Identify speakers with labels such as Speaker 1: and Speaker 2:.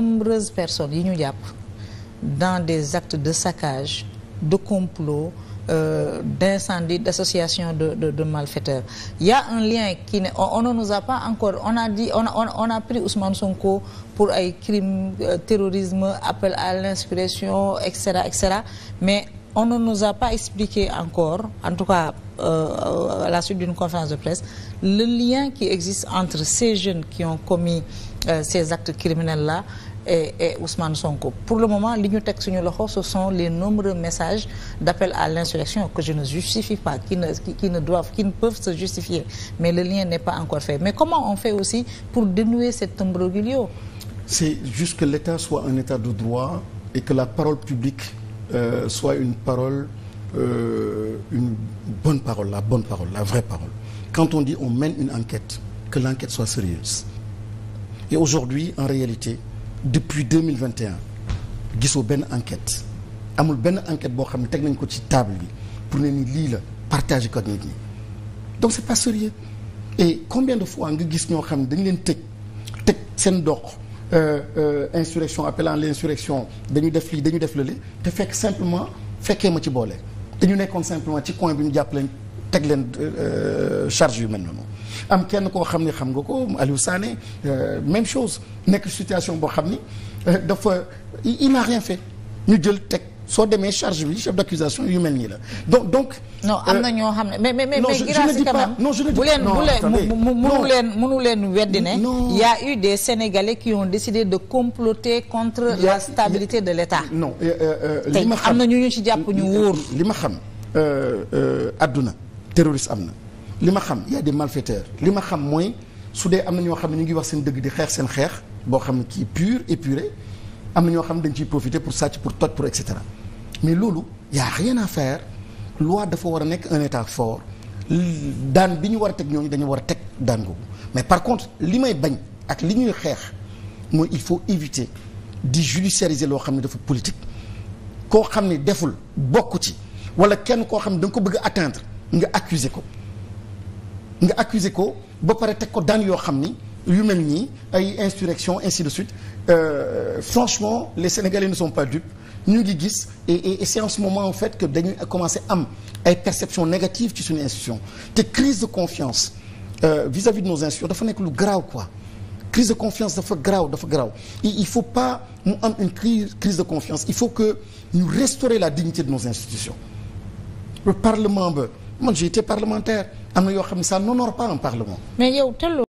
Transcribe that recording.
Speaker 1: nombreuses personnes yi ñu jàpp dans des actes de saccage de complot euh, d'incendie d'association de de de malfaiteurs y a un lien qui ne on ne nous a pas encore on a dit pris Ousmane Sonko pour ay crimes euh, terrorisme appel à l'insurrection et cetera mais on ne nous a pas expliqué encore en tout cas euh, euh, à la suite d'une conférence de presse le lien qui existe entre ces jeunes qui ont commis euh, ces actes criminels là et et Ousmane Sonko pour le moment li ñu teg suñu loxo ce sont les nombreux messages d'appel à l'insurrection que je ne justifie pas qui ne peuvent se justifier mais le lien n'est pas encore fait mais comment on fait aussi pour dénouer cet imbroglio
Speaker 2: c'est juste que l'État soit un État de droit et que la parole publique euh, soit une parole euh, une bonne parole la vraie parole quand on dit on mène une enquête que l'enquête soit sérieuse et aujourd'hui en réalité depuis deux mille vingt et gisoo benn enquête amul benn enquête boo xam ne teg nañ ko ci table bi pour ne ni lii la partage ko ak nit ñi donc c'est pas sérieux et combien de fois nga gis ñoo xam ne dañu leen tëj teg seen doq euh, euh, insurrection appelant l'insurrection dañu def lii dañu def lële te fekk simplement fekkee ma ci boole te ñu nekkoon simplement ci coin bi ñu jàpp lañ teg leen euh, charge yu mel noonu am kenn koo xam ne xam nga ko Aliou Sané euh, même chose nekk situation boo xam ni euh, dafa il n'a rien fait ñu jël teg soo demee charge bi chef d'accusation yu mel nii la donc donc. no am na
Speaker 1: ñoo xam ne mais mais mais. non je ne dis pas non je ne dis pas non attendez leen mu leen mënu leen mënu leen weddi ne. non y a eu des sénégalais qui ont décidé de comploter contre la stabilité de l'État. no li ma xam am
Speaker 2: na ñu ñu ci jàpp ñu wóor. li ma xam adduna. terroriste am na li ma xam y a des li ma xam mooy su dee am na ñoo xam ne ñu ngi wax seen dëgg di xeex seen xeex boo xam ne kii pur épuré am na ñoo xam ne dañ ciy profiter pour sàcc pour toj pour et cetera mais loolu y a rien faire loi dafa war a nekk un état fort daan bi ñu war a teg ñooñu dañu war a teg daan googu mais par contre li may bañ ak li ñuy xeex mooy il faut éviter di judiciariser loo xam ne dafa politique koo xam ne deful bokk ci wala kenn koo xam ne da ko bëgg a atteindre nga accuser ko nga accuser ko ba pare teg ko daan yoo xam ni yu mel nii ay insurrection ainsi de suite euh, franchement les Sénégalais ne sont pas dupes ñu ngi gis et c'est en ce moment en fait que a commencé am ay perception négative ci suñu institution te crise de confiance euh, vis-à-vis de nos institutions dafa nekk lu garaaw quoi crise de confiance dafa garaaw dafa garaaw il faut pas mu am une crise crise de confiance il faut que ñu restaurer la dignité de nos institutions le parlement man j'étais parlementaire am na yoo xam ne ça n'honore pas un parlement
Speaker 1: mais yow